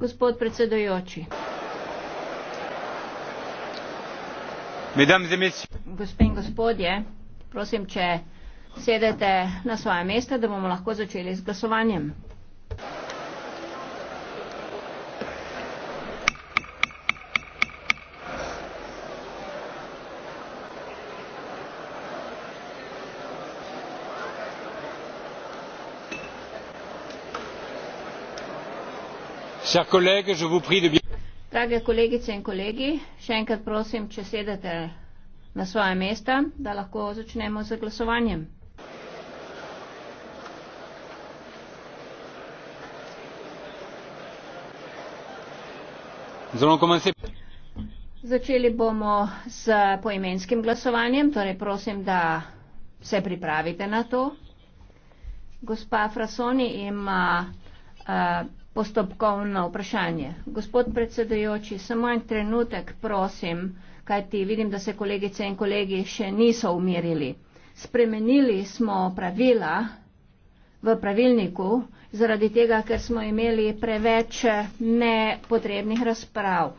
Gospod predsedujoči. Gospe in gospodje, prosim, če sedete na svoje mesta, da bomo lahko začeli z glasovanjem. drage kolegice in kolegi še enkrat prosim če sedete na svoje mesta da lahko začnemo z glasovanjem Začeli bomo s poimenskim glasovanjem, torej prosim, da se pripravite na to. Gospa Frasoni ima uh, postopkovno vprašanje. Gospod predsedujoči, samo en trenutek, prosim, kajti vidim, da se kolegice in kolegi še niso umirili. Spremenili smo pravila v pravilniku zaradi tega, ker smo imeli preveč nepotrebnih razprav.